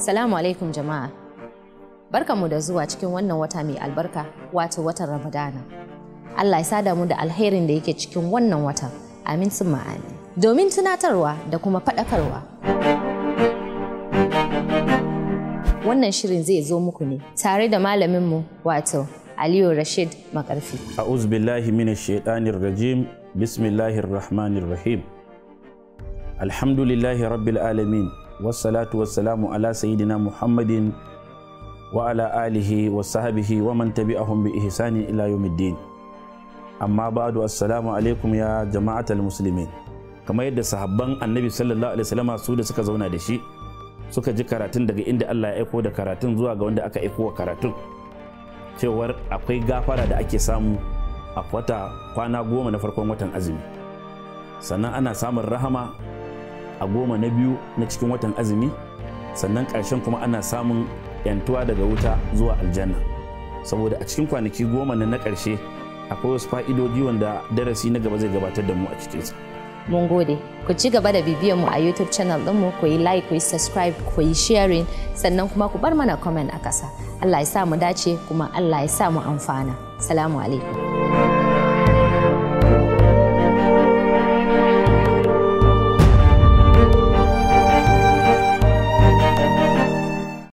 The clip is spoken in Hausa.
Salamu alaikum jama'a. Barkanmu da zuwa cikin wannan wata mai albarka wato watan Ramadana. Allah ya sada mu da alherin da yake cikin wannan watan. Amin sun ma'ani. Domin tunatarwa da kuma faɗakarwa. Wannan shirin zai zo muku ne tare da malaminmu wato Aliyu Rashid Makarfi. A'udhu billahi minash shaitanir rajim. Bismillahir rahmanir rahim. Alhamdulillahi rabbil alamin. wassalatu wassalamu ala sayyidina muhammadin wa ala alihi wa sahabihi wa man tabi'ahum bi ihsani ila yawmiddin amma ba'du assalamu alaikum ya jama'atal muslimin kamar yadda sahabban annabi sallallahu alaihi wasallam su da suka zauna da shi suka ji karatun daga inda Allah ya aiko da karatun zuwa ga wanda aka aiko wa karatun cewar akwai gafara da ake samu a wata kwana goma na farkon watan azumi sannan ana samun rahama a goma na biyu na cikin watan azumi sannan karshen kuma ana samun yantuwa daga wuta zuwa aljanna saboda a cikin kwanaki goma na karshe akwai wasu fa'idodi wanda darasi na gaba zai gabatar da mu a cikinsa. mun gode ku ci gaba da bibiyan mu a youtube channel mu ku yi like ku yi subscribe ku yi sharing sannan kuma ku bar mana comment a ƙasa allah ya sa mu dace kuma allah ya sa mu amfana salamu alaikum